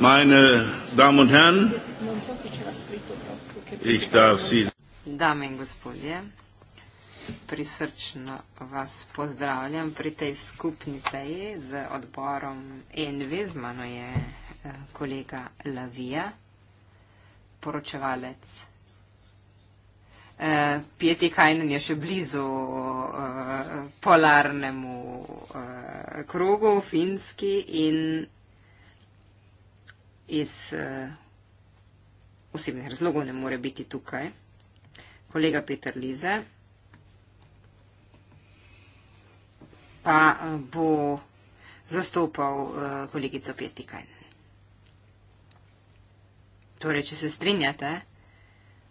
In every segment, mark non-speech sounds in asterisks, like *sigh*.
Meine Damen und Herren, ich darf Sie. Dame in gospodje, prisrčno vas pozdravljam pri tej skupni seji z odborom ENVI, z mano je eh, kolega Lavija, poročevalec. Eh, Pieti Kajnen je še blizu eh, polarnemu krogu v Finski in iz uh, osebnih razlogov ne more biti tukaj. Kolega Peter Lize pa eh, bo zastopal uh, kolegico Petikajn. Torej, če se strinjate,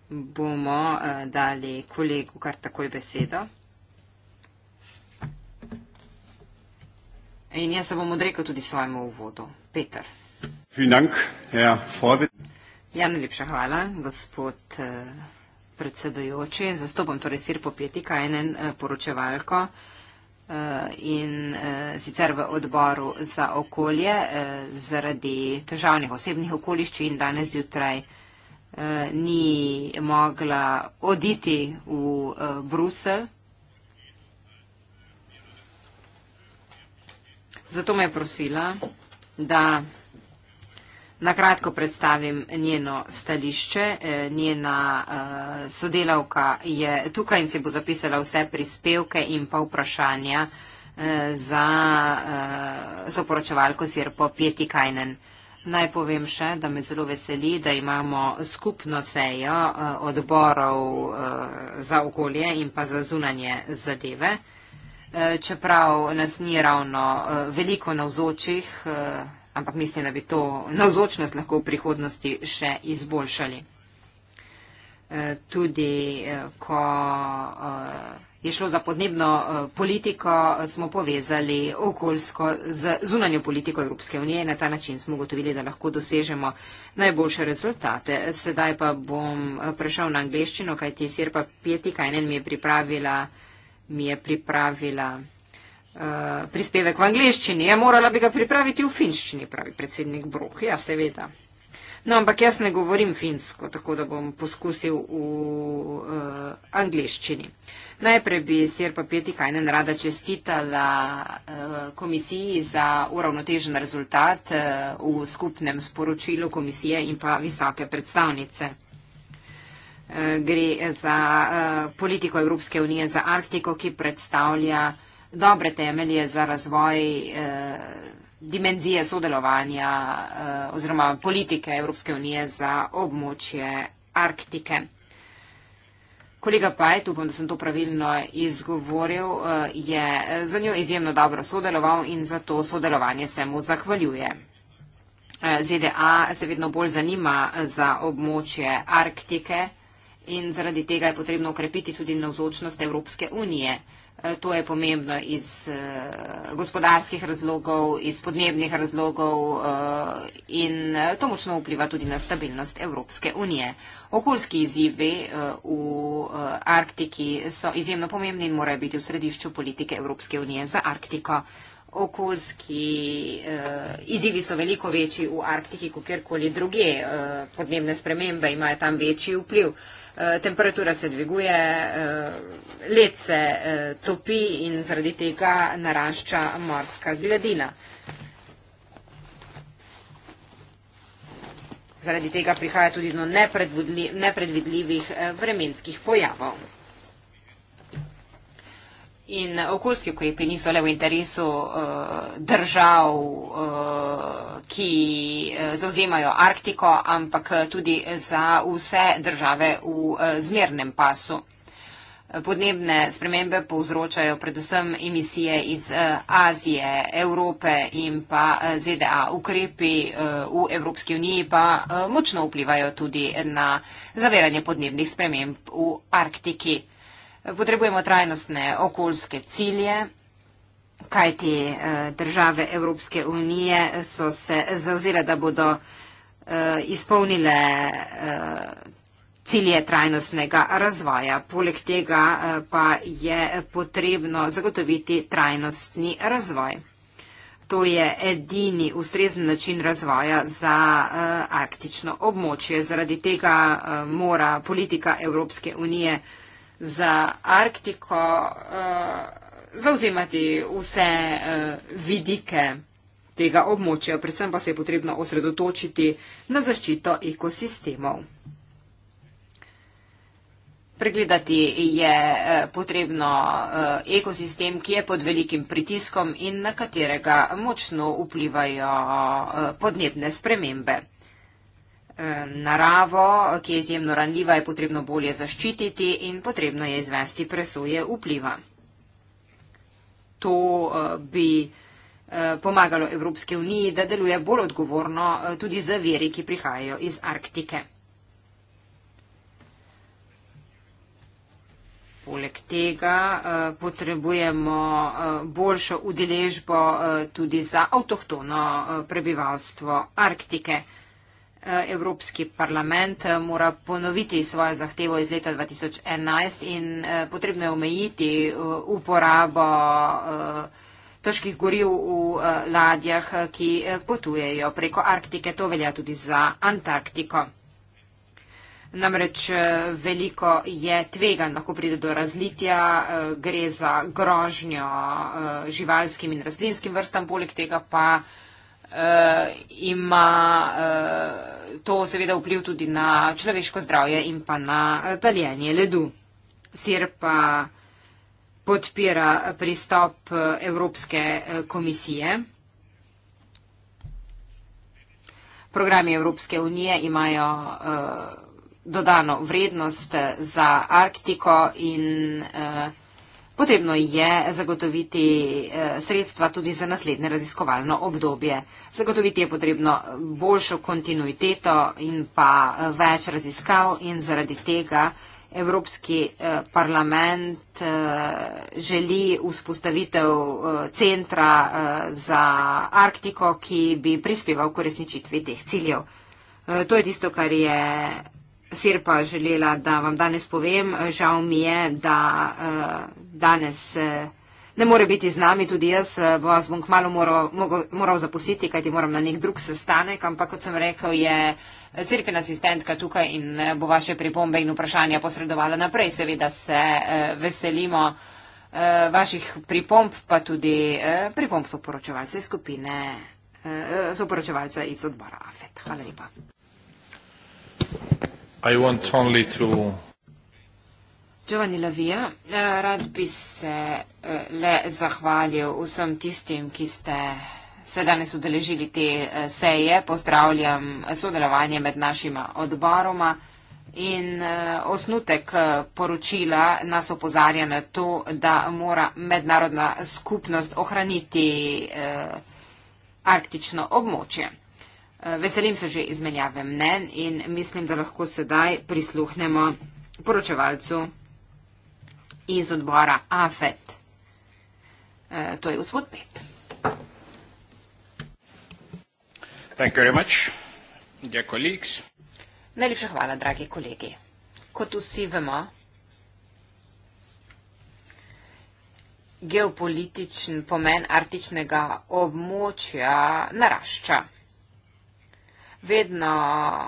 bomo uh, dali kolegu kar takoj besedo. In jaz se bom odrekel tudi svojemu uvodu. Peter. Ja, najlepša hvala, gospod eh, predsedujoči. Zastopam torej Sirpo Petika, enen eh, poročevalko eh, in sicer v odboru za okolje zaradi težavnih osebnih okoliščin danes jutraj ni mogla oditi v Brusel. Zato me je prosila, da Nakratko predstavim njeno stališče. Eh, njena eh, sodelavka je tukaj in si bo zapisala vse prispevke in pa vprašanja eh, za soporočevalko Sirpo Pieti Kajnen. Naj povem še, da me zelo veseli, da imamo skupno sejo odborov za okolje in pa za zunanje zadeve. Čeprav nas ni ravno veliko navzočih, ampak mislim, da bi to navzočnost lahko v prihodnosti še izboljšali. Eh, tudi eh, ko eh, je šlo za podnebno politiko, smo povezali okoljsko z zunanjo politiko Evropske unije in na ta način smo ugotovili, da lahko dosežemo najboljše rezultate. Sedaj pa bom prešel na angliščino, kajti Sirpa Pietika in en mi je pripravila, mi je pripravila Eh, prispevek v angliščini, ja, morala bi ga pripraviti v finščini, pravi predsednik Brok. Ja, seveda. No, ampak jaz ne govorim finsko, tako da bom poskusil v uh, eh, angliščini. Najprej bi Sirpa Petikajnen rada čestitala uh, komisiji za uravnotežen rezultat uh, v skupnem sporočilu komisije in pa visoke predstavnice. Uh, gre za uh, politiko Evropske unije za Arktiko, ki predstavlja uh, dobre temelje za razvoj eh, dimenzije sodelovanja eh, oziroma politike Evropske unije za območje Arktike. Kolega Pajt, upam, da sem to pravilno izgovoril, eh, je za njo izjemno dobro sodeloval in za to sodelovanje se mu zahvaljuje. Eh, ZDA se vedno bolj zanima za območje Arktike in zaradi tega je potrebno ukrepiti tudi navzočnost Evropske unije. Eh, to je pomembno iz eh, gospodarskih razlogov, iz podnebnih razlogov eh, in to močno vpliva tudi na stabilnost Evropske unije. Okoljski izzivi v Arktiki so izjemno pomembni in morajo biti v središču politike Evropske unije za Arktiko. Okoljski eh, izzivi so veliko večji v Arktiki kot kjerkoli druge. Eh, podnebne spremembe imajo tam večji vpliv. Eh, Eh, temperatura se dviguje, eh, led se eh, topi in zaradi tega narašča morska gladina. Zaradi tega prihaja tudi do nepredvidljivih vremenskih pojavov. In okoljski ukrepi niso le v interesu uh, držav, uh, ki eh, zauzemajo Arktiko, ampak tudi za vse države v uh, zmernem pasu. Podnebne spremembe povzročajo predvsem emisije iz Azije, Evrope in pa ZDA. Ukrepi v Evropski uniji pa močno vplivajo tudi na zaviranje podnebnih sprememb v Arktiki. Potrebujemo trajnostne okoljske cilje, kaj ti eh, države Evropske unije eh, so se zauzele, da bodo eh, izpolnile cilje trajnostnega razvoja. Poleg tega pa je potrebno zagotoviti trajnostni razvoj. To je edini ustrezen način razvoja za arktično območje. Zaradi tega mora politika Evropske unije razvoja za Arktiko uh, zauzemati vse uh, vidike tega območja. Predvsem pa se je potrebno osredotočiti na zaščito ekosistemov. Pregledati je eh, potrebno ekosistem, ki je pod velikim pritiskom in na katerega močno vplivajo podnebne spremembe naravo, ki je izjemno ranljiva, je potrebno bolje zaščititi in potrebno je izvesti presoje vpliva. To eh, bi eh, pomagalo Evropske unije, da deluje bolj odgovorno eh, tudi za veri, ki prihajajo iz Arktike. Poleg tega potrebujemo boljšo udeležbo tudi za avtohtono prebivalstvo Arktike. Evropski parlament eh, mora ponoviti svojo zahtevo iz leta 2011 in eh, potrebno je omejiti eh, uporabo težkih goriv v ladjah, ki potujejo preko Arktike. To velja tudi za Antarktiko. Namreč veliko je tvegan, lahko pride do razlitja, gre za grožnjo živalskim in rastlinskim vrstam, poleg tega pa uh, ima uh, to seveda vpliv tudi na človeško zdravje in pa na eh, taljenje ledu. Sir pa podpira pristop Evropske komisije. Programi Evropske unije imajo uh, dodano vrednost za Arktiko in uh, Potrebno je zagotoviti eh, sredstva tudi za naslednje raziskovalno obdobje. Zagotoviti je potrebno boljšo kontinuiteto in pa eh, več raziskav in zaradi tega Evropski eh, parlament želi vzpostavitev centra za Arktiko, ki bi prispeval k uresničitvi teh ciljev. To je tisto, kar je Sir pa želela, da vam danes povem, žal mi je, da uh, danes uh, ne more biti z nami, tudi jaz uh, vas bom kmalo moral, mogo, moral zapustiti, kajti moram na nek drug sestanek, ampak kot sem rekel, je Sirpina asistentka tukaj in bo vaše pripombe in vprašanja posredovala naprej. Seveda se uh, veselimo uh, vaših pripomb, pa tudi uh, pripomb soporočevalce skupine, uh, soporočevalce iz odbora AFET. Hvala lepa. Thank you. I want only to... Giovanni Lavia, eh, rad bi se eh, le zahvalil vsem tistim, ki ste se danes udeležili te eh, seje. Pozdravljam sodelovanje med našima odboroma. In osnutek poročila nas opozarja na to, da mora mednarodna skupnost ohraniti arktično območje. Eh, veselim se že izmenjave mnen in mislim, da lahko sedaj prisluhnemo poročevalcu iz odbora AFET. Eh, to je vzvod 5. Najlepša hvala, dragi kolegi. Kot vsi vemo, geopolitičen pomen artičnega območja narašča vedno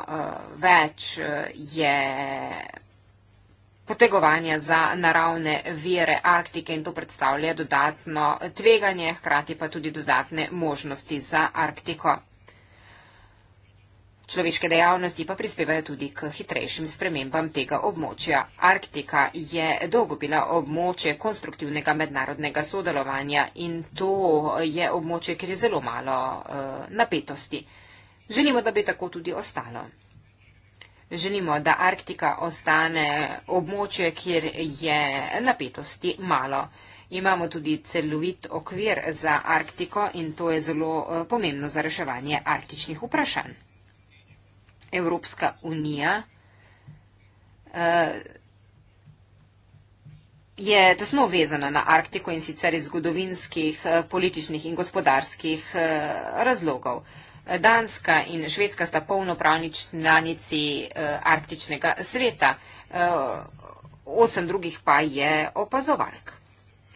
uh, več eh, je potegovanja za naravne vire Arktike in to predstavlja dodatno tveganje, hkrati pa tudi dodatne možnosti za Arktiko. Človeške dejavnosti pa prispevajo tudi k hitrejšim spremembam tega območja. Arktika je dolgo bila območje konstruktivnega mednarodnega sodelovanja in to je območje, kjer je zelo malo uh, napetosti. Želimo, da bi tako tudi ostalo. Želimo, da Arktika ostane območje, kjer je napetosti malo. Imamo tudi celovit okvir za Arktiko in to je zelo eh, pomembno za reševanje arktičnih vprašanj. Evropska unija eh, je tesno vezana na Arktiko in sicer iz zgodovinskih, eh, političnih in gospodarskih razlogov. Danska in Švedska sta polnopravni članici uh, eh, arktičnega sveta, uh, osem drugih pa je opazovalk.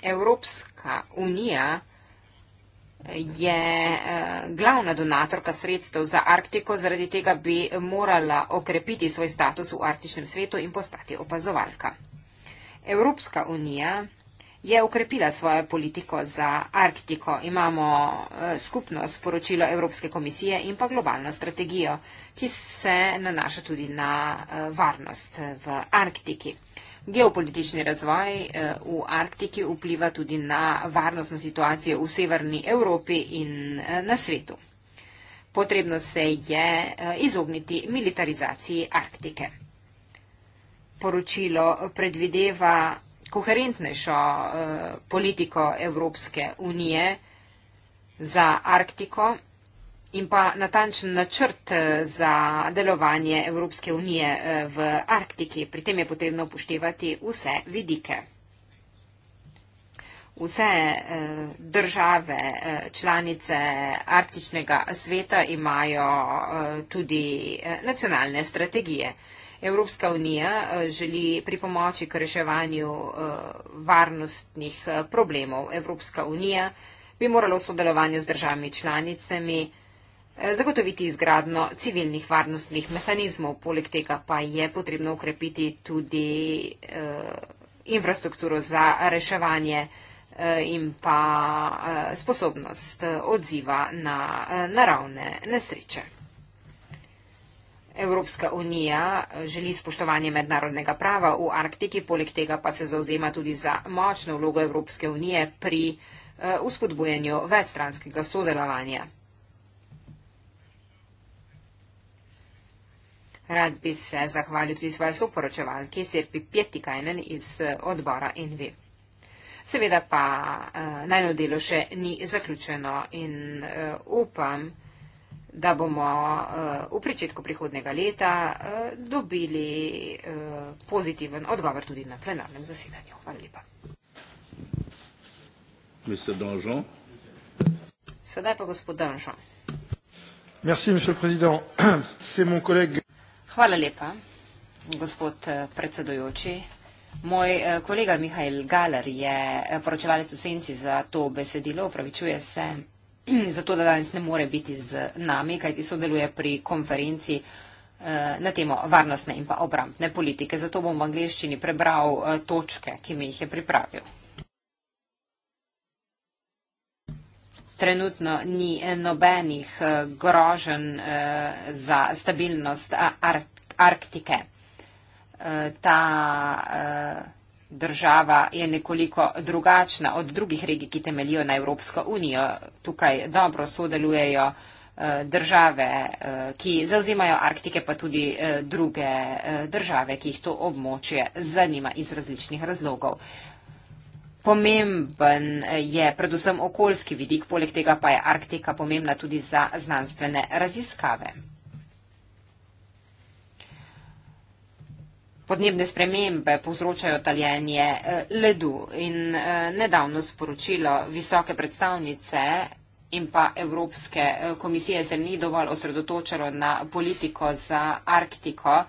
Evropska unija je uh, glavna donatorka sredstev za Arktiko, zaradi tega bi morala okrepiti svoj status v arktičnem svetu in postati opazovalka. Evropska unija je ukrepila svojo politiko za Arktiko. Imamo eh, skupno sporočilo Evropske komisije in pa globalno strategijo, ki se nanaša tudi na eh, varnost eh, v Arktiki. Geopolitični razvoj v Arktiki vpliva tudi na varnostno situacijo v severni Evropi in na svetu. Potrebno se je izogniti militarizaciji Arktike. Poročilo predvideva koherentnejšo eh, politiko Evropske unije za Arktiko in pa natančen načrt eh, za delovanje Evropske unije eh, v Arktiki. Pri tem je potrebno upoštevati vse vidike. Vse države, članice Arktičnega sveta imajo tudi nacionalne strategije. Evropska unija eh, želi pripomoči k reševanju eh, varnostnih eh, problemov. Evropska unija bi morala v sodelovanju z državami članicami zagotoviti izgradno civilnih varnostnih mehanizmov, poleg tega pa je potrebno ukrepiti tudi infrastrukturo za reševanje in pa sposobnost odziva na naravne nesreče. Evropska unija eh, želi spoštovanje mednarodnega prava v Arktiki, poleg tega pa se zauzema tudi za močno vlogo Evropske unije pri uspodbujanju eh, večstranskega sodelovanja. Rad bi se zahvalil tudi svoje soporočevalki Serpi Pietikajnen iz eh, odbora NV. Seveda pa eh, najno delo še ni zaključeno in eh, upam, da bomo eh, v pričetku prihodnega leta eh, dobili eh, pozitiven odgovor tudi na plenarnem zasedanju. Hvala lepa. Sedaj pa gospod Danžo. *clears throat* Hvala lepa, gospod predsedujoči. Moj kolega Mihajl Galer je poročevalec v senci za to besedilo, upravičuje se. *clears throat* zato da danes ne more biti z nami, kajti sodeluje pri konferenci eh, na temo varnostne in pa obrambne politike. Zato bom v angleščini prebral eh, točke, ki mi jih je pripravil. Trenutno ni eh, nobenih groženj za stabilnost Arktike. Ta država je nekoliko drugačna od drugih regij, ki temelijo na Evropsko unijo. Tukaj dobro sodelujejo eh, države, eh, ki zauzimajo Arktike, pa tudi eh, druge države, ki jih to območje zanima iz različnih razlogov. Pomemben je predvsem okoljski vidik, poleg tega pa je Arktika pomembna tudi za znanstvene raziskave. Podnebne spremembe povzročajo taljenje eh, ledu in eh, nedavno sporočilo visoke predstavnice in pa Evropske eh, komisije se ni dovolj osredotočalo na politiko za Arktiko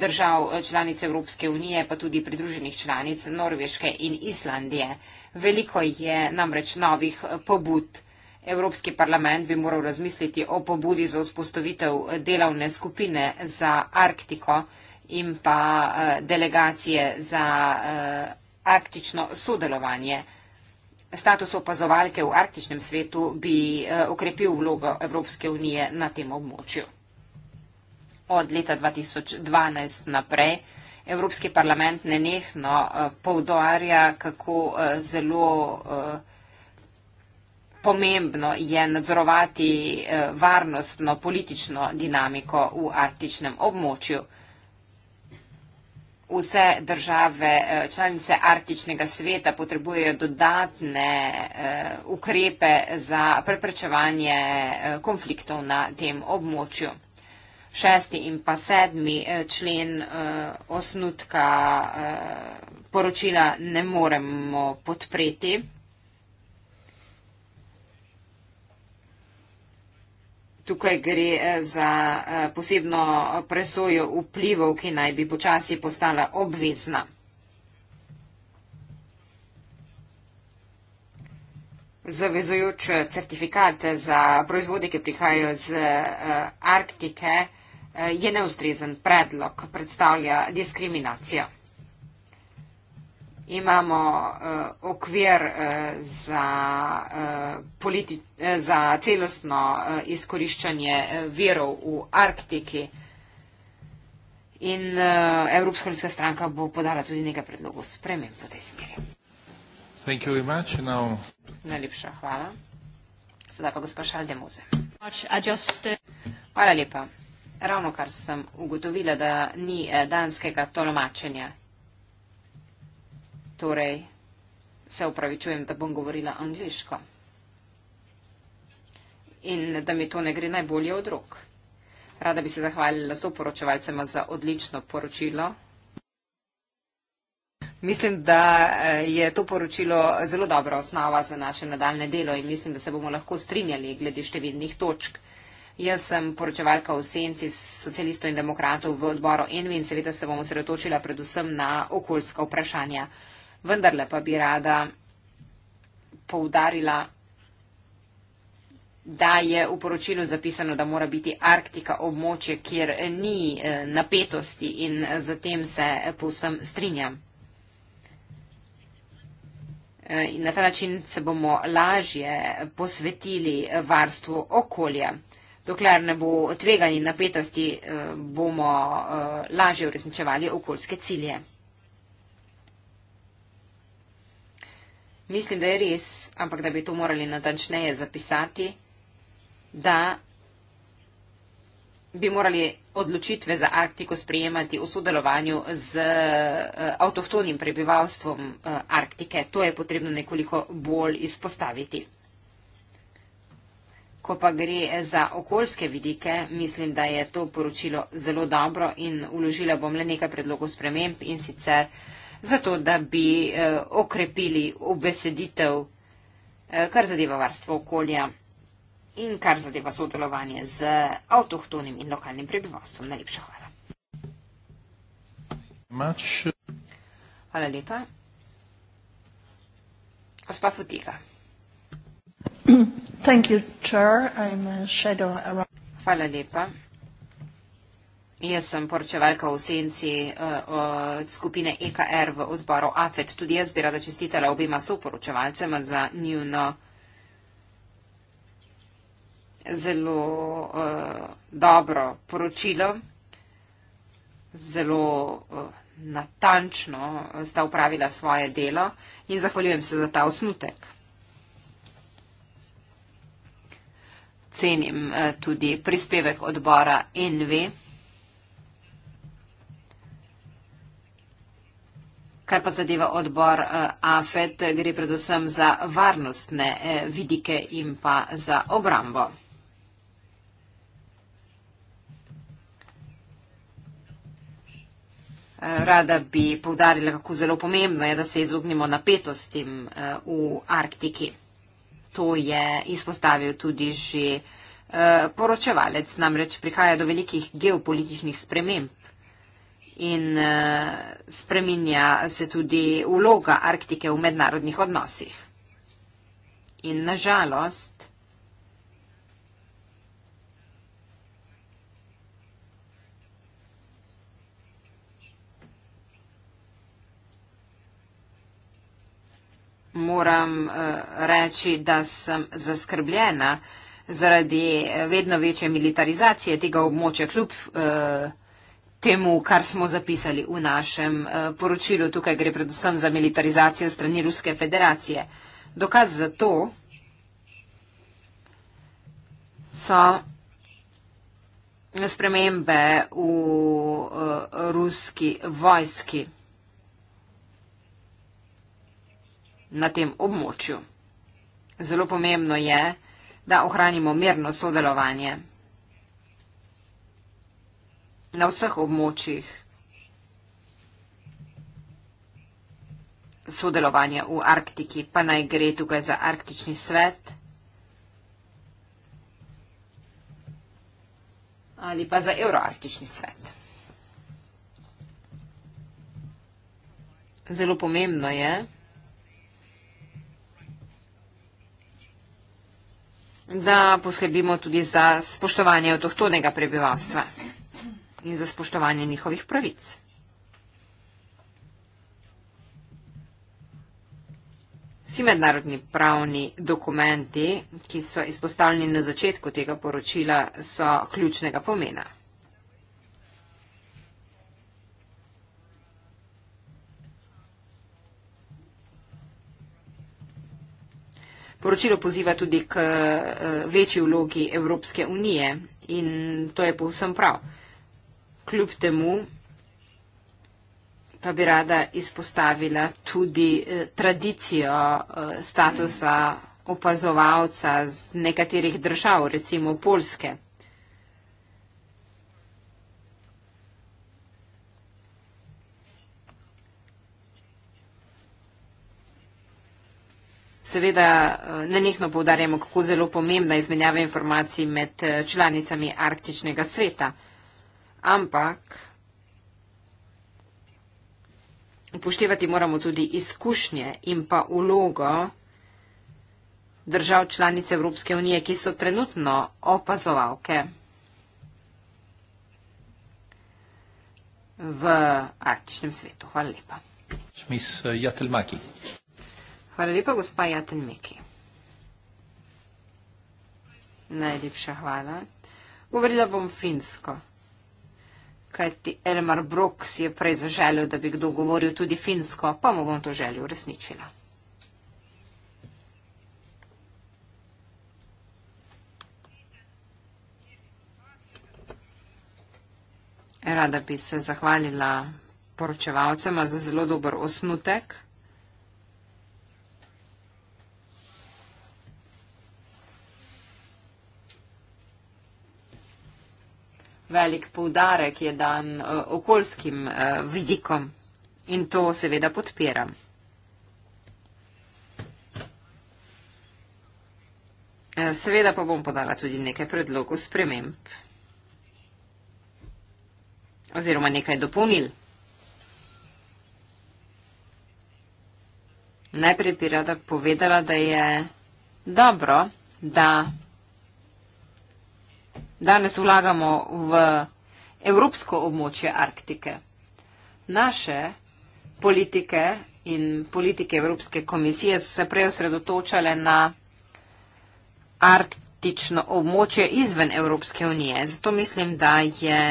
držav članic Evropske unije, pa tudi pridruženih članic Norveške in Islandije. Veliko je namreč novih pobud. Evropski parlament bi moral razmisliti o pobudi za vzpostavitev delovne skupine za Arktiko, in pa eh, delegacije za eh, arktično sodelovanje. Status opazovalke v arktičnem svetu bi ukrepil eh, vlogo Evropske unije na tem območju. Od leta 2012 naprej Evropski parlament nenehno povdarja, kako zelo pomembno je nadzorovati varnostno politično dinamiko v arktičnem območju vse države eh, članice arktičnega sveta potrebujejo dodatne eh, ukrepe za preprečevanje eh, konfliktov na tem območju. Šesti in pa sedmi člen osnutka poročila ne moremo podpreti. Tukaj gre eh, za eh, posebno presojo vplivov, ki naj bi počasi postala obvezna. Zavezujoč certifikat za proizvode, ki prihajajo z eh, Arktike, je neustrezen predlog, predstavlja diskriminacijo imamo uh, okvir uh, za, uh, uh, za celostno uh, izkoriščanje uh, virov v Arktiki. In uh, Evropska ljudska stranka bo podala tudi nekaj predlogov sprememb v tej smeri. Now... Najlepša hvala. Sedaj pa gospod Šaldemuze. Just... Uh, hvala lepa. Ravno kar sem ugotovila, da ni danskega tolmačenja torej se upravičujem, da bom govorila angliško. In da mi to ne gre najbolje od rok. Rada bi se zahvalila soporočevalcema za odlično poročilo. Mislim, da eh, je to poročilo zelo dobra osnova za naše nadaljne delo in mislim, da se bomo lahko strinjali glede številnih točk. Jaz sem poročevalka v senci socialistov in demokratov v odboru ENVI in seveda se bom osredotočila predvsem na okoljska vprašanja vendarle pa bi rada poudarila, da je v poročilu zapisano, da mora biti Arktika območje, kjer ni eh, napetosti in zatem se povsem strinjam. Eh, in na ta način se bomo lažje posvetili varstvu okolja. Dokler ne bo tvegani napetosti, eh, bomo lažje uresničevali okoljske cilje. Mislim, da je res, ampak da bi to morali natančneje zapisati, da bi morali odločitve za Arktiko sprijemati v sodelovanju z eh, avtohtonim prebivalstvom eh, Arktike. To je potrebno nekoliko bolj izpostaviti. Ko pa gre za okoljske vidike, mislim, da je to poročilo zelo dobro in uložila bom le nekaj predlogov sprememb in sicer uh, zato da bi eh, okrepili obeseditev, eh, kar zadeva varstvo okolja in kar zadeva sodelovanje z avtohtonim in lokalnim prebivalstvom. Najlepša hvala. Hvala lepa. Gospa Futiga. Thank you, Chair. I'm a shadow around. Hvala lepa. Jaz sem poročevalka v senci uh, od skupine EKR v odboru AFET. Tudi jaz bi rada čestitala obima soporočevalcema za njuno zelo uh, dobro poročilo. Zelo uh, natančno sta upravila svoje delo in zahvaljujem se za ta osnutek. Cenim uh, tudi prispevek odbora NV. Kar pa zadeva odbor eh, AFET, gre predvsem za varnostne eh, vidike in pa za obrambo. Eh, rada bi povdarila, kako zelo pomembno je, da se izognimo napetostim v Arktiki. To je izpostavil tudi že poročevalec, namreč prihaja do velikih geopolitičnih sprememb in uh, spreminja se tudi vloga Arktike v mednarodnih odnosih. In nažalost, moram uh, reči, da sem zaskrbljena zaradi eh, vedno večje militarizacije tega območja, kljub uh, temu, kar smo zapisali v našem eh, poročilu. Tukaj gre predvsem za militarizacijo strani Ruske federacije. Dokaz za to so spremembe v eh, ruski vojski na tem območju. Zelo pomembno je, da ohranimo mirno sodelovanje na vseh območjih sodelovanja v Arktiki, pa naj gre tukaj za Arktični svet ali pa za Euroarktični svet. Zelo pomembno je, da poskrbimo tudi za spoštovanje avtohtonega prebivalstva in za spoštovanje njihovih pravic. Vsi mednarodni pravni dokumenti, ki so izpostavljeni na začetku tega poročila, so ključnega pomena. Poročilo poziva tudi k eh, večji vlogi Evropske unije in to je povsem prav kljub temu pa bi rada izpostavila tudi eh, tradicijo eh, statusa opazovalca z nekaterih držav, recimo Polske. Seveda eh, nenehno poudarjamo, kako zelo pomembna je izmenjava informacij med eh, članicami Arktičnega sveta ampak upoštevati moramo tudi izkušnje in pa ulogo držav članic Evropske unije, ki so trenutno opazovalke v arktičnem svetu. Hvala lepa. Eh, hvala lepa, gospa Jatelmeki. Najlepša hvala. Govorila bom finsko kajti Elmar Brok si je prej zaželil, da bi kdo govoril tudi finsko, pa mu bom to željo uresničila. Rada bi se zahvalila poročevalcema za zelo dober osnutek. velik poudarek je dan eh, okoljskim eh, vidikom in to seveda podpiram. Eh, seveda pa bom podala tudi nekaj predlogov sprememb oziroma nekaj dopolnil. Najprej bi rada povedala, da je dobro, da danes vlagamo v evropsko območje Arktike. Naše politike in politike Evropske komisije so se prej osredotočale na arktično območje izven Evropske unije. Zato mislim, da je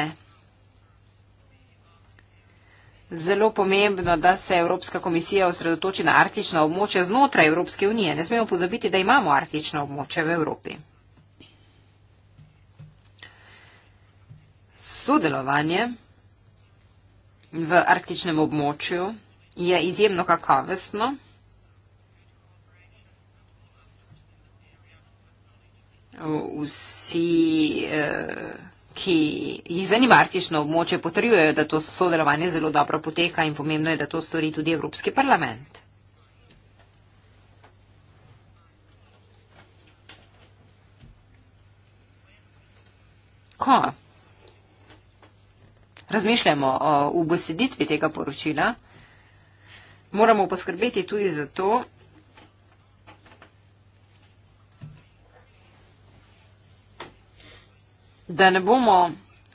zelo pomembno, da se Evropska komisija osredotoči na arktično območje znotraj Evropske unije. Ne smemo pozabiti, da imamo arktično območje v Evropi. Sodelovanje v arktičnem območju je izjemno kakavestno. Vsi, eh, ki jih zanima arktično območje, potrjujejo, da to sodelovanje zelo dobro poteka in pomembno je, da to stori tudi Evropski parlament. Ko razmišljamo o ubeseditvi tega poročila, moramo poskrbeti tudi za to, da ne bomo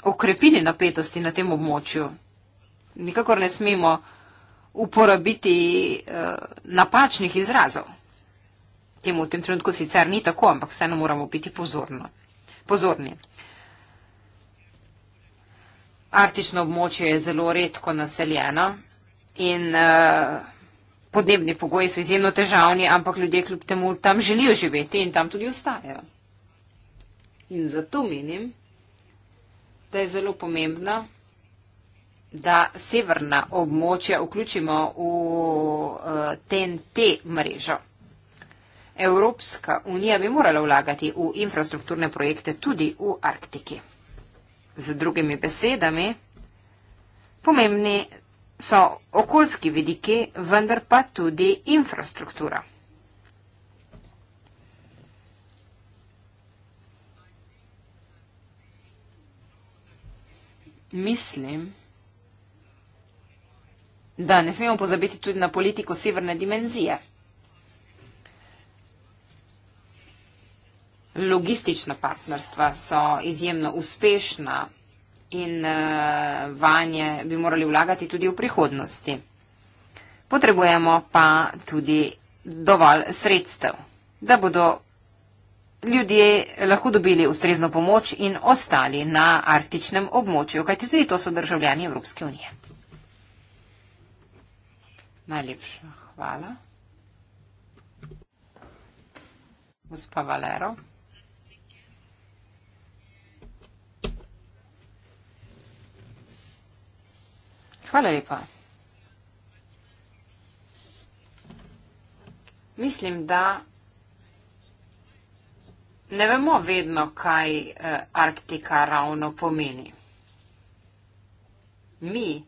okrepili napetosti na tem območju. Nikakor ne smemo uporabiti uh, napačnih izrazov. Temu v tem trenutku sicer ni tako, ampak vseeno moramo biti pozorno. pozorni. Arktično območje je zelo redko naseljeno in uh, podnebni pogoji so izjemno težavni, ampak ljudje kljub temu tam želijo živeti in tam tudi ostajajo. In zato menim, da je zelo pomembno, da severna območja vključimo v uh, eh, TNT mrežo. Evropska unija bi morala vlagati v infrastrukturne projekte tudi v Arktiki. Z drugimi besedami, pomembni so okoljski vidiki, vendar pa tudi infrastruktura. Mislim, da ne smemo pozabiti tudi na politiko severne dimenzije. logistična partnerstva so izjemno uspešna in eh, vanje bi morali vlagati tudi v prihodnosti. Potrebujemo pa tudi dovolj sredstev, da bodo ljudje lahko dobili ustrezno pomoč in ostali na arktičnem območju, kajti tudi to so državljani Evropske unije. Najlepša hvala. Gospa Valero. Hvala lepa. Mislim, da ne vemo vedno, kaj eh, Arktika ravno pomeni. Mi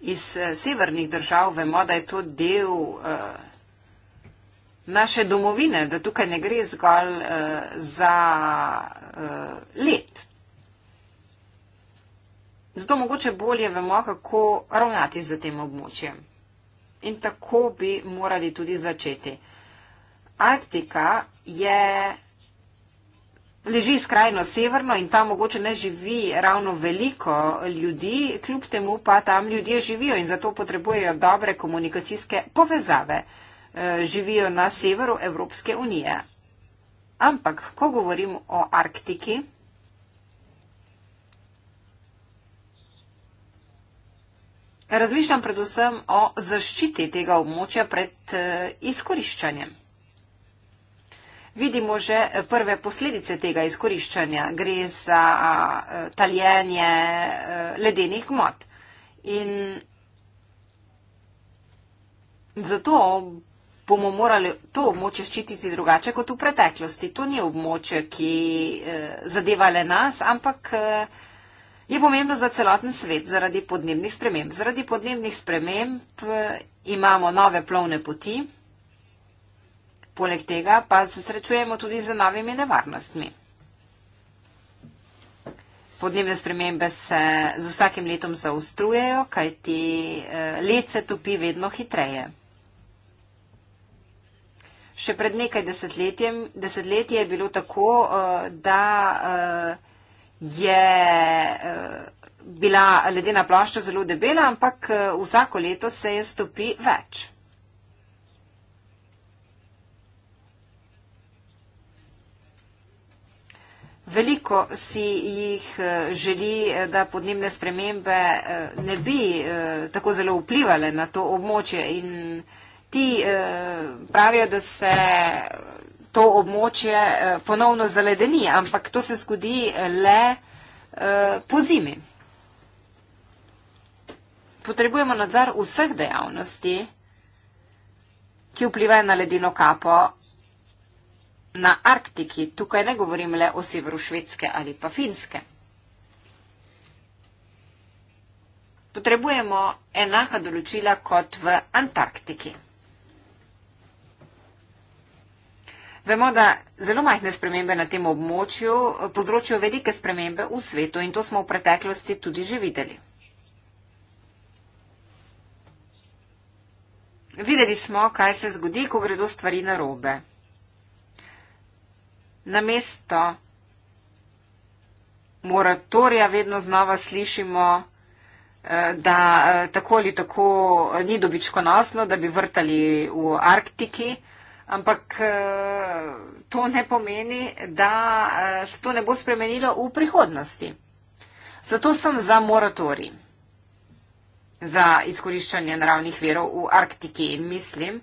iz eh, severnih držav vemo, da je to del eh, naše domovine, da tukaj ne gre zgolj za let zato mogoče bolje vemo, kako ravnati z tem območjem. In tako bi morali tudi začeti. Arktika je, leži skrajno severno in tam mogoče ne živi ravno veliko ljudi, kljub temu pa tam ljudje živijo in zato potrebujejo dobre komunikacijske povezave. Eh, živijo na severu Evropske unije. Ampak, ko govorim o Arktiki, Razmišljam predvsem o zaščiti tega območja pred eh, izkoriščanjem. Vidimo že prve posledice tega izkoriščanja. Gre za eh, taljenje eh, ledenih gmot. In zato bomo morali to območje ščititi drugače kot v preteklosti. To ni območje, ki zadeva le nas, ampak je pomembno za celoten svet zaradi podnebnih sprememb. Zaradi podnebnih sprememb eh, imamo nove plovne poti, poleg tega pa se srečujemo tudi z novimi nevarnostmi. Podnebne spremembe se z vsakim letom zaostrujejo, kajti eh, led se topi vedno hitreje. Še pred nekaj desetletjem, desetletje je bilo tako, eh, da je eh, bila ledena plošča zelo debela, ampak eh, vsako leto se je stopi več. Veliko si jih eh, želi, da podnebne spremembe ne bi tako zelo vplivali na to območje in ti pravijo, da se to območje eh, ponovno zaledeni, ampak to se zgodi eh, le eh, po zimi. Potrebujemo nadzor vseh dejavnosti, ki vplivajo na ledino kapo na Arktiki. Tukaj ne govorim le o severu švedske ali pa finske. Potrebujemo enaka določila kot v Antarktiki. Vemo, da zelo majhne spremembe na tem območju eh, povzročijo velike spremembe v svetu in to smo v preteklosti tudi že videli. Videli smo, kaj se zgodi, ko gredo stvari na robe. Na mesto moratorija vedno znova slišimo, eh, da eh, tako ali tako ni dobičkonosno, da bi vrtali v Arktiki. Ampak eh, to ne pomeni, da eh, se to ne bo spremenilo v prihodnosti. Zato sem za moratori za izkoriščanje naravnih verov v Arktiki in mislim,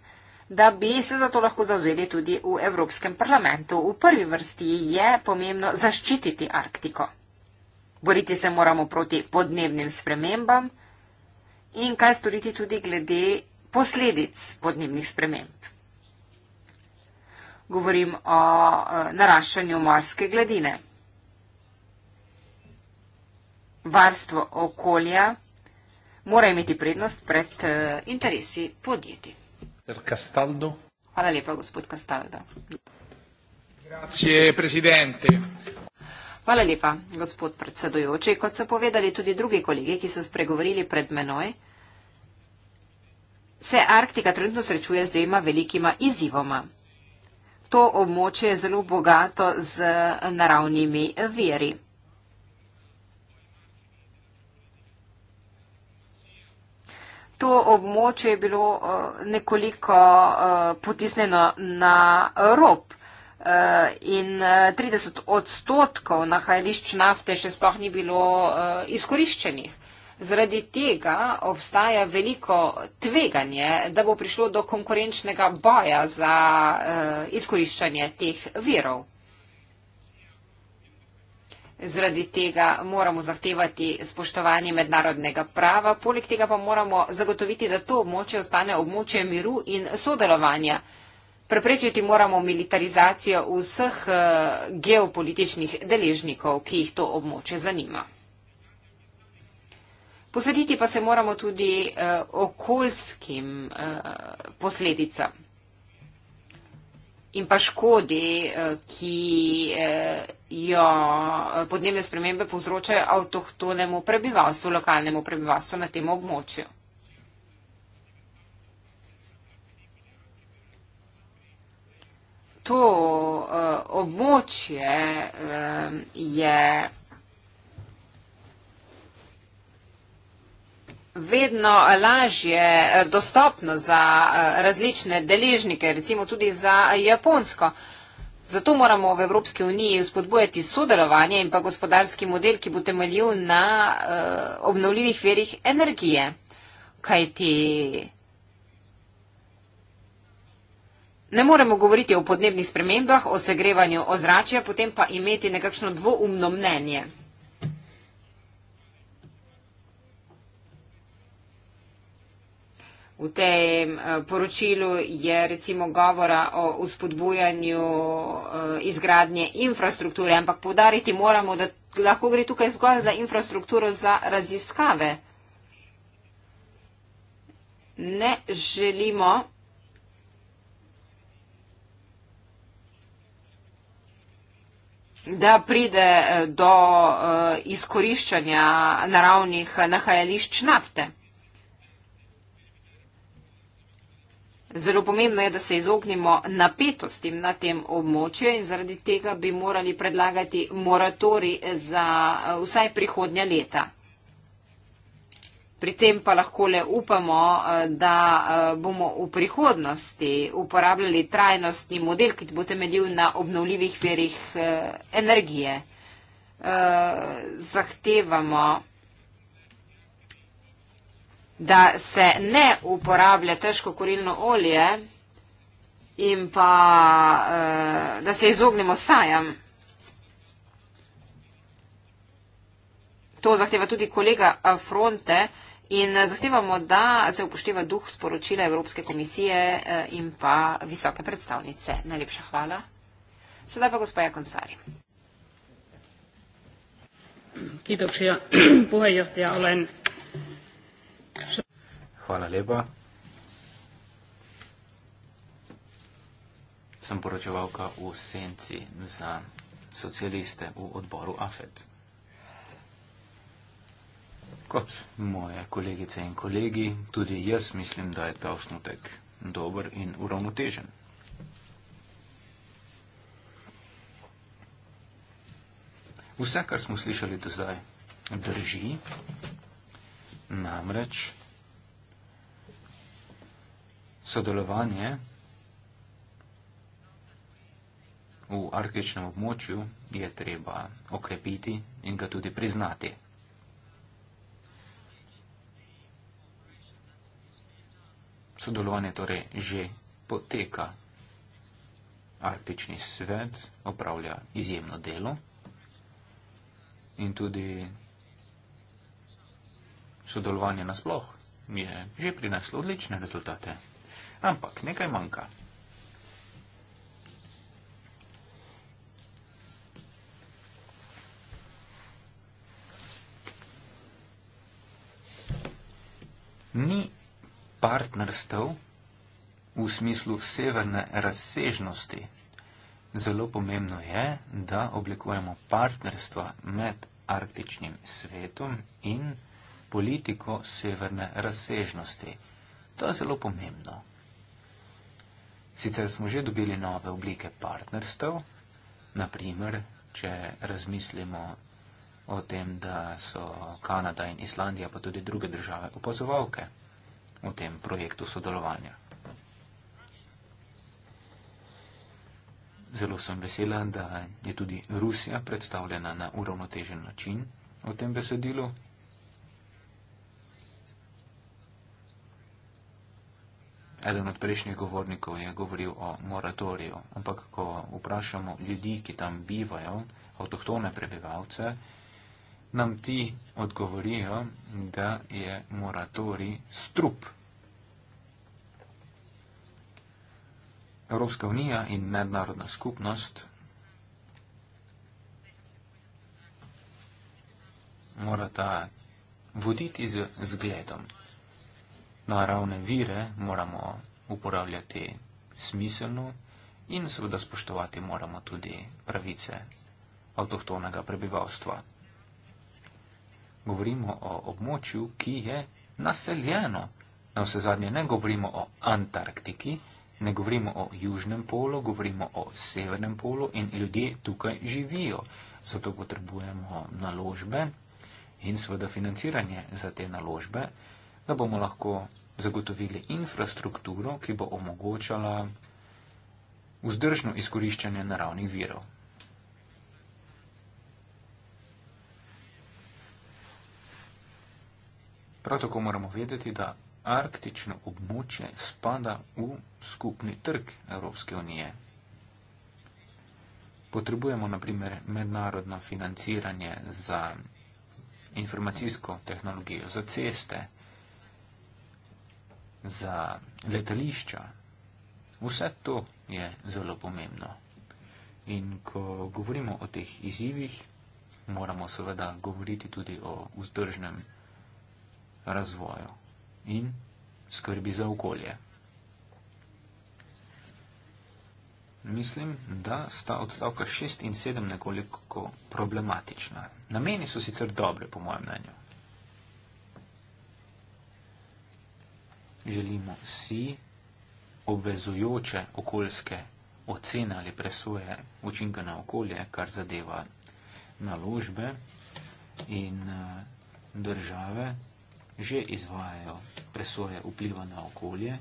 da bi se zato lahko zauzeli tudi v Evropskem parlamentu. V prvi vrsti je pomembno zaščititi Arktiko. Boriti se moramo proti podnebnim spremembam in kaj storiti tudi glede posledic podnebnih sprememb govorim o e, naraščanju morske gladine. Varstvo okolja mora imeti prednost pred e, interesi podjetij. Hvala lepa, gospod Kastaldo. Hvala lepa, gospod predsedujoči. Kot so povedali tudi drugi kolegi, ki so spregovorili pred menoj, se Arktika trenutno srečuje z dvema velikima izzivoma. To območje je zelo bogato z naravnimi veri. To območje je bilo eh, nekoliko eh, potisneno na rob eh, in 30 odstotkov nahajališč nafte še sploh ni bilo izkoriščenih. Zaradi tega obstaja veliko tveganje, da bo prišlo do konkurenčnega boja za uh, izkoriščanje teh virov. Zaradi tega moramo zahtevati spoštovanje mednarodnega prava, poleg tega pa moramo zagotoviti, da to območje ostane območje miru in sodelovanja. Preprečiti moramo militarizacijo vseh eh, geopolitičnih deležnikov, ki jih to območje zanima. Posvetiti pa se moramo tudi uh, okoljskim uh, posledicam in pa škodi, uh, ki uh, jo podnebne spremembe povzročajo avtohtonemu prebivalstvu, lokalnemu prebivalstvu na tem območju. To uh, območje uh, je vedno lažje eh, dostopno za eh, različne deležnike, recimo tudi za Japonsko. Zato moramo v Evropski uniji vzpodbujati sodelovanje in pa gospodarski model, ki bo temeljil na uh, obnovljivih verjih energije. Kaj ti? Ne moremo govoriti o podnebnih spremembah, o segrevanju ozračja, potem pa imeti nekakšno dvoumno mnenje. v tem eh, poročilu je recimo govora o uspodbujanju eh, izgradnje infrastrukture, ampak povdariti moramo, da lahko gre tukaj zgolj za infrastrukturo za raziskave. Ne želimo. da pride eh, do uh, izkoriščanja naravnih nahajališč nafte. Zelo pomembno je, da se izognemo napetostim na tem območju in zaradi tega bi morali predlagati moratori za eh, vsaj prihodnja leta. Pri tem pa lahko le upamo, eh, da eh, bomo v prihodnosti uporabljali trajnostni model, ki bo temeljil na obnovljivih verih energije. Zahtevamo da se ne uporablja težko kurilno olje in pa eh, da se izognemo sajam. To zahteva tudi kolega Fronte in zahtevamo, da se upošteva duh sporočila Evropske komisije eh, in pa visoke predstavnice. Najlepša hvala. Sedaj pa gospoja Konsari. Kiitoksia *clears throat* puheenjohtaja. Olen Hvala lepa. Sem poročevalka v senci za socialiste v odboru AFED. Kot moje kolegice in kolegi, tudi jaz mislim, da je ta osnutek dober in uravnotežen. Vse, kar smo slišali do zdaj, drži. Namreč sodelovanje v arktičnem območju je treba okrepiti in ga tudi priznati. Sodelovanje torej že poteka. Arktični svet opravlja izjemno delo in tudi sodelovanje nasploh mi je že prineslo odlične rezultate. Ampak nekaj manjka. Ni partnerstv v smislu severne razsežnosti. Zelo pomembno je, da oblikujemo partnerstva med arktičnim svetom in politiko severne razsežnosti. To je zelo pomembno. Sicer smo že dobili nove oblike partnerstv, naprimer, če razmislimo o tem, da so Kanada in Islandija, pa tudi druge države, opazovalke v tem projektu sodelovanja. Zelo sem vesela, da je tudi Rusija predstavljena na uravnotežen način v tem besedilu. eden od prejšnjih govornikov je govoril o moratoriju, ampak ko vprašamo ljudi, ki tam bivajo, avtohtone prebivalce, nam ti odgovorijo, da je moratorij strup. Evropska unija in mednarodna skupnost morata voditi z zgledom naravne vire moramo uporabljati smiselno in seveda spoštovati moramo tudi pravice avtohtonega prebivalstva. Govorimo o območju, ki je naseljeno. Na vse zadnje ne govorimo o Antarktiki, ne govorimo o južnem polu, govorimo o severnem polu in ljudje tukaj živijo. Zato potrebujemo naložbe in seveda financiranje za te naložbe da bomo lahko zagotovili infrastrukturo, ki bo omogočala vzdržno izkoriščanje naravnih virov. Prav tako moramo vedeti, da arktično območje spada v skupni trg Evropske unije. Potrebujemo naprimer mednarodno financiranje za informacijsko tehnologijo, za ceste, za letališča. Vse to je zelo pomembno. In ko govorimo o teh izzivih, moramo seveda govoriti tudi o vzdržnem razvoju in skrbi za okolje. Mislim, da sta odstavka 6 in 7 nekoliko problematična. Nameni so sicer dobre, po mojem mnenju. želimo si obvezujoče okoljske ocene ali presoje učinka na okolje, kar zadeva naložbe in eh, države že izvajajo presoje vpliva na okolje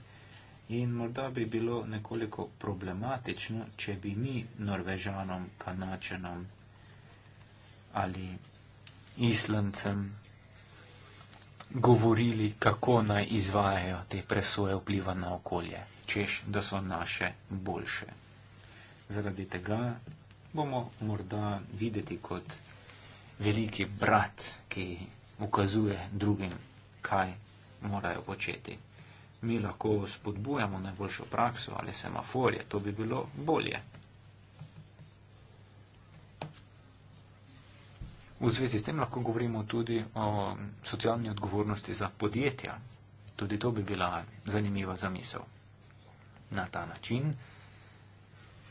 in morda bi bilo nekoliko problematično, če bi mi norvežanom, kanačanom ali islancem govorili, kako naj izvajajo te presoje vpliva na okolje, češ, da so naše boljše. Zaradi tega bomo morda videti kot veliki brat, ki ukazuje drugim, kaj morajo početi. Mi lahko spodbujamo najboljšo prakso ali semaforje, to bi bilo bolje. V zvezi s tem lahko govorimo tudi o socialni odgovornosti za podjetja. Tudi to bi bila zanimiva zamisel. Na ta način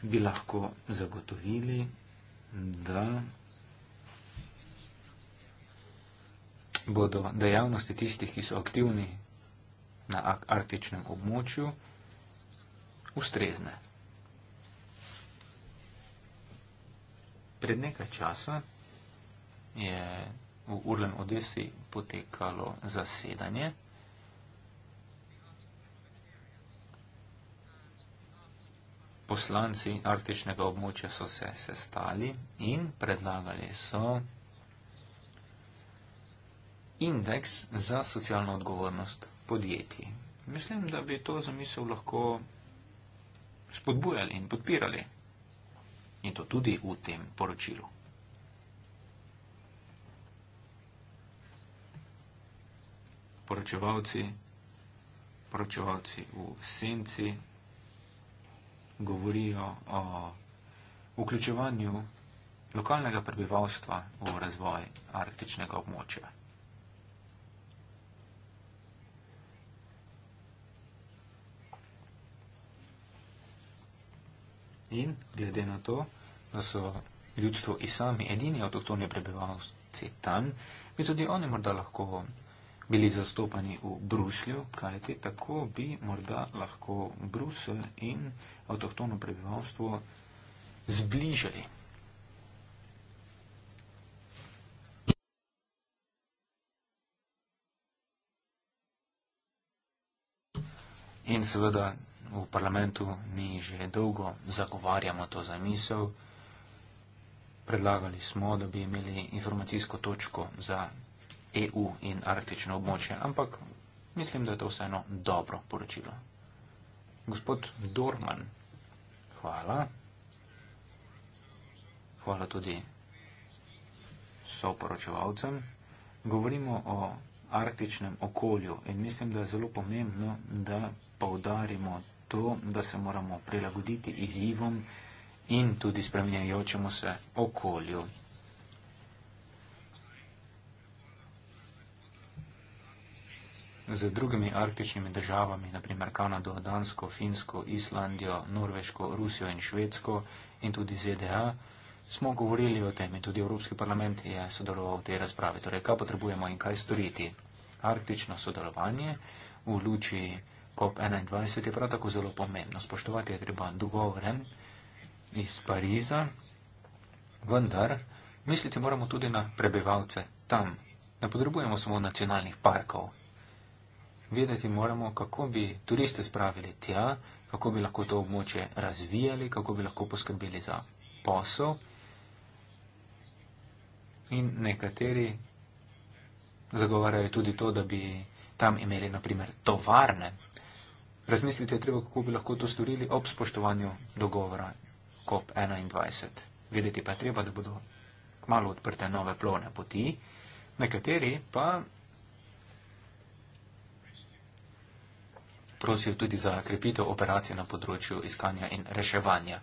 bi lahko zagotovili, da bodo dejavnosti tistih, ki so aktivni na arktičnem območju, ustrezne. Pred nekaj časa je v Urlen Odesi potekalo zasedanje. Poslanci arktičnega območja so se sestali in predlagali so indeks za socialno odgovornost podjetij. Mislim, da bi to zamisel lahko spodbujali in podpirali. In to tudi v tem poročilu. poročevalci, poročevalci v senci, govorijo o vključevanju lokalnega prebivalstva v razvoj arktičnega območja. In glede na to, da so ljudstvo in sami edini avtoktoni prebivalci tam, bi tudi oni morda lahko bili zastopani v Bruslju, kajti tako bi morda lahko Brusel in avtohtono prebivalstvo zbližali. In seveda v parlamentu mi že dolgo zagovarjamo to zamisel. Predlagali smo, da bi imeli informacijsko točko za EU in arktično območje. Ampak mislim, da je to vseeno dobro poročilo. Gospod Dorman, hvala. Hvala tudi soporočevalcem. Govorimo o arktičnem okolju in mislim, da je zelo pomembno, da povdarimo to, da se moramo prilagoditi izzivom in tudi spremenjajočemu se okolju. z drugimi arktičnimi državami, naprimer Kanado, Dansko, Finsko, Islandijo, Norveško, Rusijo in Švedsko in tudi ZDA, smo govorili o tem in tudi Evropski parlament je sodeloval v tej razpravi. Torej, kaj potrebujemo in kaj storiti? Arktično sodelovanje v luči COP21 je prav tako zelo pomembno. Spoštovati je treba dogovore iz Pariza, vendar misliti moramo tudi na prebivalce tam. Ne potrebujemo samo nacionalnih parkov, vedeti moramo, kako bi turiste spravili tja, kako bi lahko to območje razvijali, kako bi lahko poskrbeli za posel. In nekateri zagovarjajo tudi to, da bi tam imeli naprimer tovarne. Razmislite, treba, kako bi lahko to storili ob spoštovanju dogovora COP21. Vedeti pa je treba, da bodo malo odprte nove plone poti. Nekateri pa prosil tudi za krepitev operacije na področju iskanja in reševanja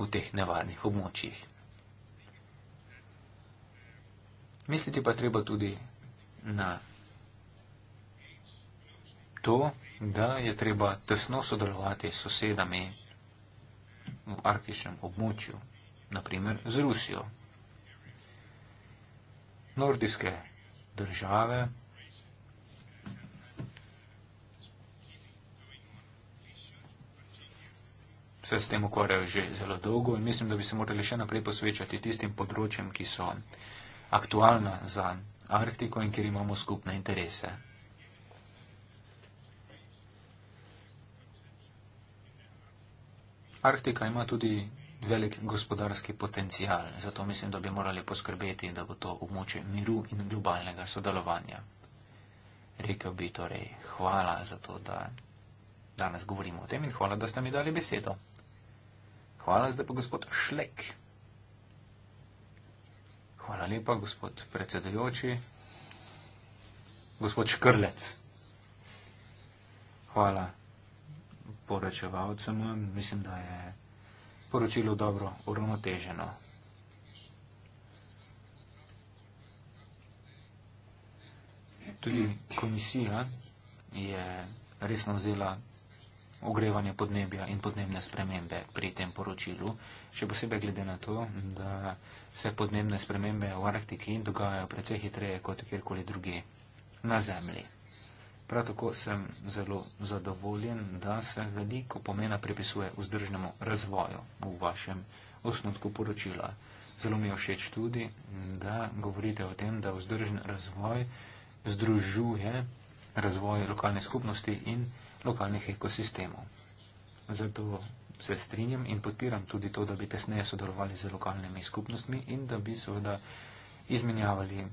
v teh nevarnih območjih. Misliti pa treba tudi na to, da je treba tesno sodelovati s sosedami v arktičnem območju, naprimer z Rusijo. Nordijske države se s tem ukvarjajo že zelo dolgo in mislim, da bi se morali še naprej posvečati tistim področjem, ki so aktualna za Arktiko in kjer imamo skupne interese. Arktika ima tudi velik gospodarski potencial, zato mislim, da bi morali poskrbeti, da bo to območje miru in globalnega sodelovanja. Rekel bi torej hvala za to, da danes govorimo o tem in hvala, da ste mi dali besedo. Hvala, zdaj pa gospod Šlek. Hvala lepa, gospod predsedajoči. Gospod Škrlec. Hvala poročevalcem. Mislim, da je poročilo dobro uravnoteženo. Tudi komisija je resno vzela ogrevanje podnebja in podnebne spremembe pri tem poročilu, še posebej glede na to, da se podnebne spremembe v Arktiki dogajajo precej hitreje kot kjerkoli druge na Zemlji. Prav tako sem zelo zadovoljen, da se veliko pomena pripisuje vzdržnemu razvoju v vašem osnutku poročila. Zelo mi je všeč tudi, da govorite o tem, da vzdržen razvoj združuje razvoj lokalne skupnosti in lokalnih ekosistemov. Zato se strinjam in podpiram tudi to, da bi tesneje sodelovali z lokalnimi skupnostmi in da bi seveda izmenjavali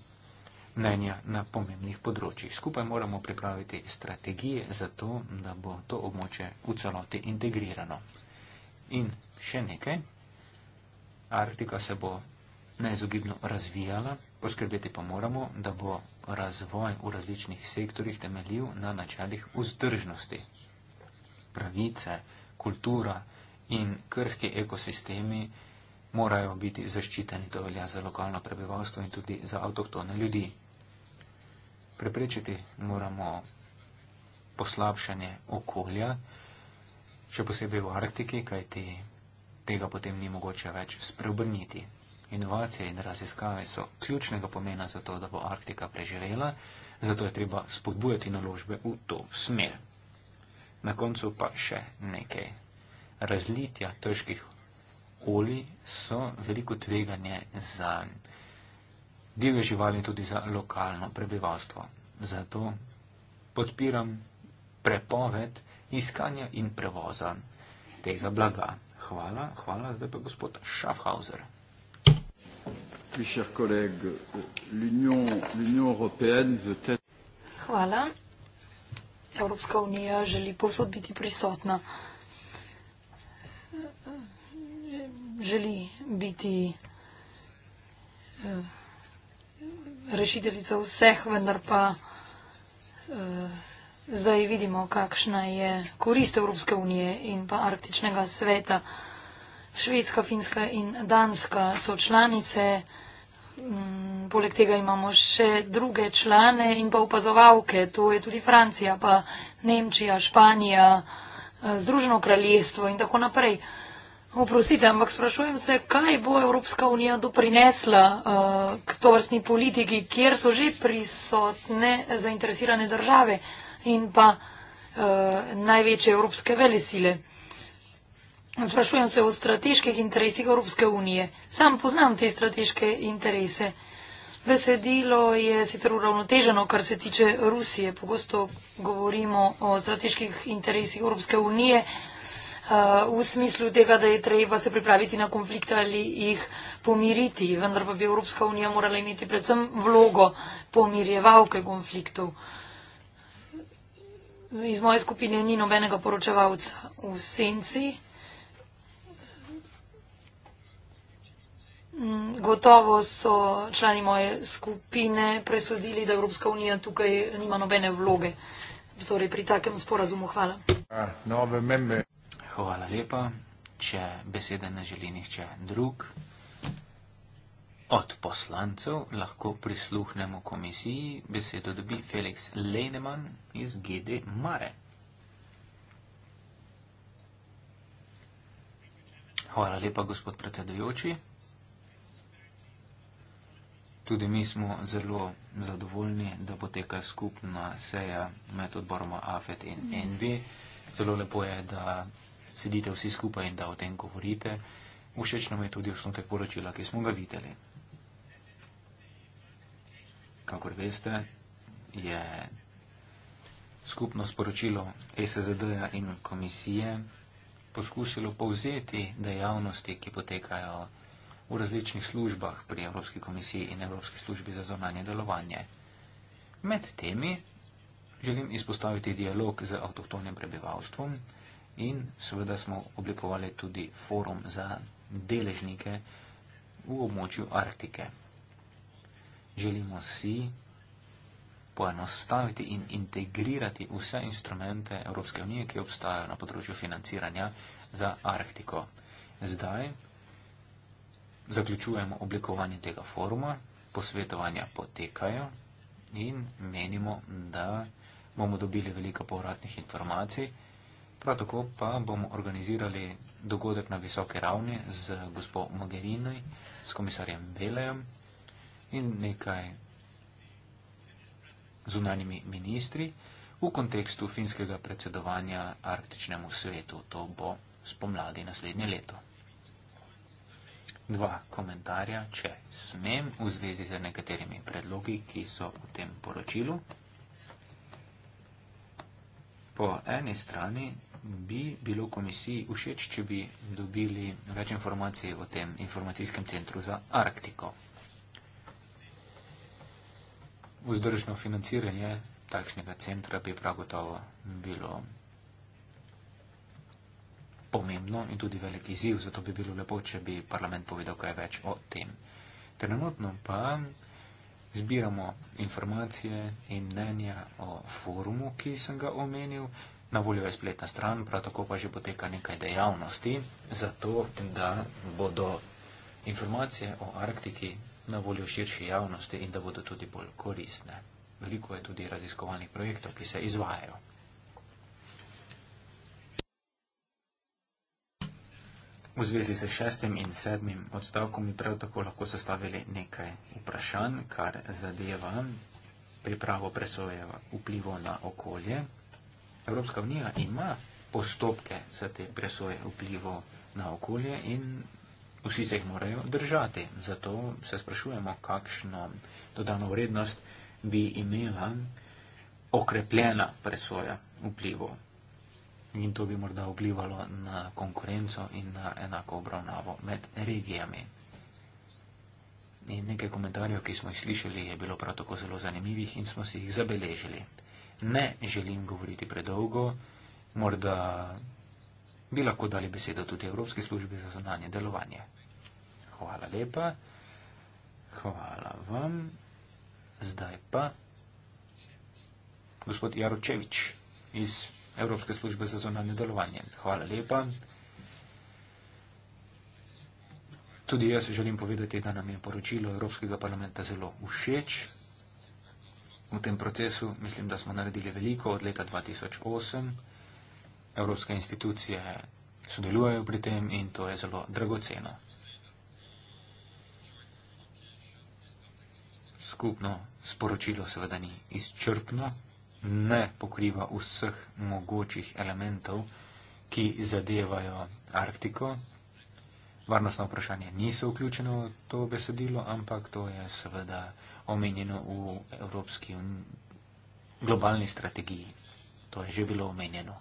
mnenja na pomembnih področjih. Skupaj moramo pripraviti strategije za to, da bo to območje v celoti integrirano. In še nekaj, Arktika se bo neizogibno razvijala Poskrbeti pa moramo, da bo razvoj v različnih sektorjih temeljil na načelih vzdržnosti. Pravice, kultura in krhki ekosistemi morajo biti zaščiteni, to velja za lokalno prebivalstvo in tudi za avtohtone ljudi. Preprečiti moramo poslabšanje okolja, še posebej v Arktiki, kajti tega potem ni mogoče več spreobrniti. Inovacije in raziskave so ključnega pomena za to, da bo Arktika preživela, zato je treba spodbujati naložbe v to smer. Na koncu pa še nekaj. Razlitja težkih oli so veliko tveganje za divje živali in tudi za lokalno prebivalstvo. Zato podpiram prepoved iskanja in prevoza tega blaga. Hvala, hvala zdaj pa gospod Schaffhauser. Hvala. Evropska unija želi povsod biti prisotna. Želi biti eh, rešiteljica vseh, vendar pa eh, zdaj vidimo, kakšna je korist Evropske unije in pa Arktičnega sveta. Švedska, Finska in Danska so članice. Mm, poleg tega imamo še druge člane in pa opazovalke. To je tudi Francija, pa Nemčija, Španija, eh, Združeno kraljestvo in tako naprej. Oprostite, ampak sprašujem se, kaj bo Evropska unija doprinesla eh, k tovrstni politiki, kjer so že prisotne zainteresirane države in pa eh, največje evropske velesile. sile. Sprašujem se o strateških interesih Evropske unije. Sam poznam te strateške interese. Besedilo je sicer uravnoteženo, kar se tiče Rusije. Pogosto govorimo o strateških interesih Evropske unije eh, v smislu tega, da je treba se pripraviti na konflikte ali jih pomiriti. Vendar pa bi Evropska unija morala imeti predvsem vlogo pomirjevalke konfliktov. Iz moje skupine ni nobenega poročevalca v senci. Mm, gotovo so člani moje skupine presodili, da Evropska unija tukaj nima nobene vloge. Torej, pri takem sporazumu hvala. Hvala lepa. Če besede ne želi nihče drug od poslancev, lahko prisluhnemo komisiji. Besedo dobi Felix Leinemann iz GD Mare. Hvala lepa, gospod predsedujoči. Tudi mi smo zelo zadovoljni, da poteka skupna seja med odboroma AFET in NV. Zelo lepo je, da sedite vsi skupaj in da o tem govorite. Všeč nam je tudi osnotek poročila, ki smo ga videli. Kakor veste, je skupno sporočilo SZD-ja in komisije poskusilo povzeti dejavnosti, ki potekajo v različnih službah pri Evropski komisiji in Evropski službi za zornanje delovanje. Med temi želim izpostaviti dialog z avtohtonim prebivalstvom in seveda smo oblikovali tudi forum za deležnike v območju Arktike. Želimo si poenostaviti in integrirati vse instrumente Evropske unije, ki obstajajo na področju financiranja za Arktiko. Zdaj zaključujemo oblikovanje tega foruma, posvetovanja potekajo in menimo, da bomo dobili veliko povratnih informacij. Prav tako pa bomo organizirali dogodek na visoke ravni z gospod Mogherini, s komisarjem Belejem in nekaj zunanjimi ministri v kontekstu finskega predsedovanja arktičnemu svetu. To bo spomladi naslednje leto dva komentarja, če smem, v zvezi z nekaterimi predlogi, ki so v tem poročilu. Po eni strani bi bilo komisiji všeč, če bi dobili več informacij o tem informacijskem centru za Arktiko. Vzdržno financiranje takšnega centra bi prav gotovo bilo pomembno in tudi velik izziv, zato bi bilo lepo, če bi parlament povedal kaj več o tem. Trenutno pa zbiramo informacije in mnenja o forumu, ki sem ga omenil. Na voljo je spletna stran, prav tako pa že poteka nekaj dejavnosti, zato da bodo informacije o Arktiki na voljo širši javnosti in da bodo tudi bolj koristne. Veliko je tudi raziskovalnih projektov, ki se izvajajo. V zvezi s šestim in sedmim odstavkom bi prav tako lahko sestavili nekaj vprašanj, kar zadeva pripravo presoje vplivo na okolje. Evropska unija ima postopke za te presoje vplivo na okolje in vsi se jih morajo držati. Zato se sprašujemo, kakšno dodano vrednost bi imela okrepljena presoja vplivo in to bi morda vplivalo na konkurenco in na enako obravnavo med regijami. In nekaj komentarjev, ki smo jih slišali, je bilo prav tako zelo zanimivih in smo si jih zabeležili. Ne želim govoriti predolgo, morda bi lahko dali besedo tudi Evropski službi za zunanje delovanje. Hvala lepa, hvala vam. Zdaj pa gospod Jaročevič iz Evropske službe za zunanje delovanje. Hvala lepa. Tudi jaz želim povedati, da nam je poročilo Evropskega parlamenta zelo všeč. V tem procesu mislim, da smo naredili veliko od leta 2008. Evropske institucije sodelujejo pri tem in to je zelo dragoceno. Skupno sporočilo seveda ni izčrpno ne pokriva vseh mogočih elementov, ki zadevajo Arktiko. Varnostno vprašanje niso vključeno v to besedilo, ampak to je seveda omenjeno v Evropski un... globalni strategiji. To je že bilo omenjeno.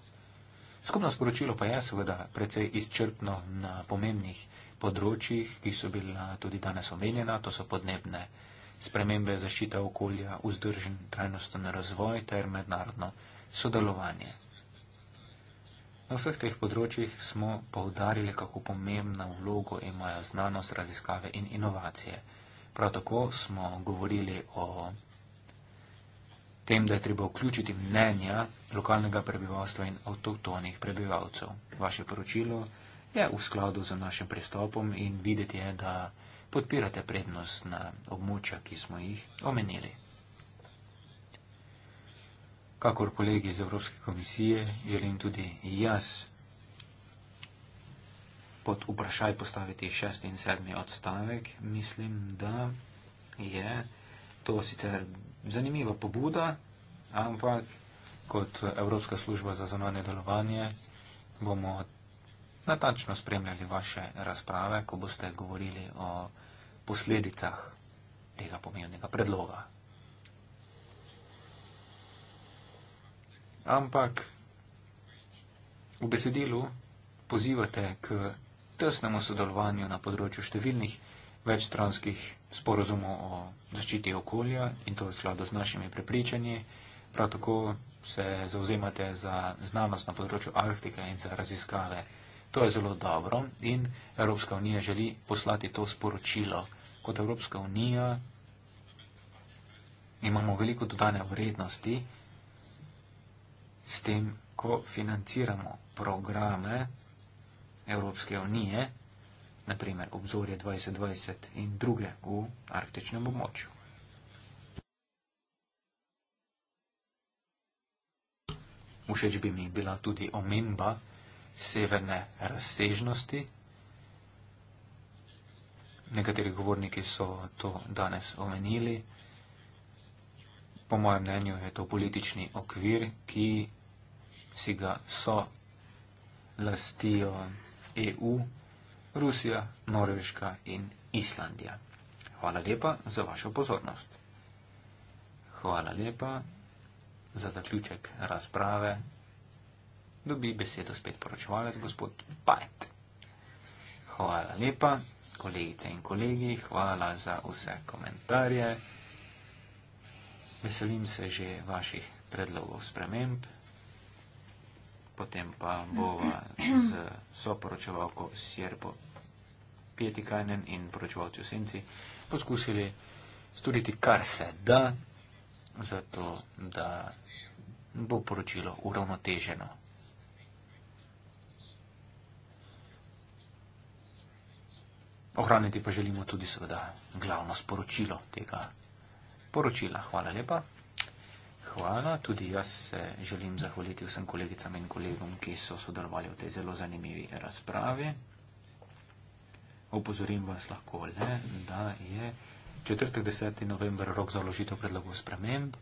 Skupno sporočilo pa je seveda precej izčrpno na pomembnih področjih, ki so bila tudi danes omenjena, to so podnebne spremembe zaščita okolja, vzdržen trajnosten razvoj ter mednarodno sodelovanje. Na vseh teh področjih smo povdarili, kako pomembna vlogo imajo znanost, raziskave in inovacije. Prav tako smo govorili o tem, da je treba vključiti mnenja lokalnega prebivalstva in avtoktonih prebivalcev. Vaše poročilo je v skladu z našim pristopom in videti je, da podpirate prednost na območja, ki smo jih omenili. Kakor kolegi iz Evropske komisije, želim tudi jaz pod vprašaj postaviti šest in sedmi odstavek. Mislim, da je to sicer zanimiva pobuda, ampak kot Evropska služba za zanonje delovanje bomo natančno spremljali vaše razprave, ko boste govorili o posledicah tega pomembnega predloga. Ampak v besedilu pozivate k tesnemu sodelovanju na področju številnih večstranskih sporozumov o zaščiti okolja in to v skladu z našimi prepričanji. Prav tako se zauzemate za znanost na področju Arktike in za raziskave To je zelo dobro in Evropska unija želi poslati to sporočilo. Kot Evropska unija imamo veliko dodane vrednosti s tem, ko financiramo programe Evropske unije, naprimer obzorje 2020 in druge v arktičnem območju. Všeč bi mi bila tudi omenba, severne razsežnosti. Nekateri govorniki so to danes omenili. Po mojem mnenju je to politični okvir, ki si ga so lastijo EU, Rusija, Norveška in Islandija. Hvala lepa za vašo pozornost. Hvala lepa za zaključek razprave dobi besedo spet poročevalec, gospod Pajt. Hvala lepa, kolegice in kolegi, hvala za vse komentarje. Veselim se že vaših predlogov sprememb. Potem pa bova z soporočevalko Sjerpo Pietikajnen in poročevalci v Senci poskusili storiti, kar se da, zato da bo poročilo uravnoteženo. Ohraniti pa želimo tudi seveda glavno sporočilo tega poročila. Hvala lepa. Hvala. Tudi jaz se želim zahvaliti vsem kolegicam in kolegom, ki so sodelovali v tej zelo zanimivi razpravi. Opozorim vas lahko le, da je 4.10. november rok za vložitev predlogov sprememb.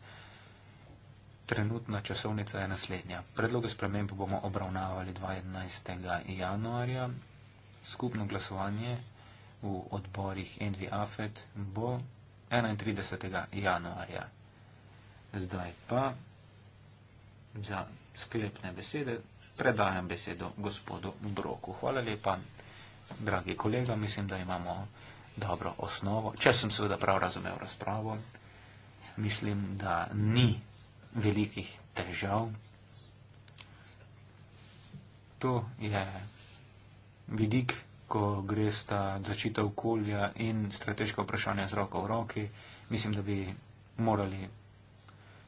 Trenutna časovnica je naslednja. Predloge sprememb bomo obravnavali 12. januarja. Skupno glasovanje v odborih Envi Afet bo 31. januarja. Zdaj pa za sklepne besede predajam besedo gospodu Broku. Hvala lepa, dragi kolega, mislim, da imamo dobro osnovo. Če sem seveda prav razumel razpravo, mislim, da ni velikih težav. To je vidik ko gre sta začita okolja in strateška vprašanja z roko v roki, mislim, da bi morali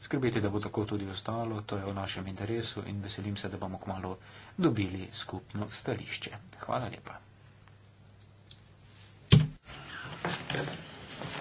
skrbeti, da bo tako tudi ostalo, to je v našem interesu in veselim se, da bomo kmalo dobili skupno stališče. Hvala lepa. Thank you.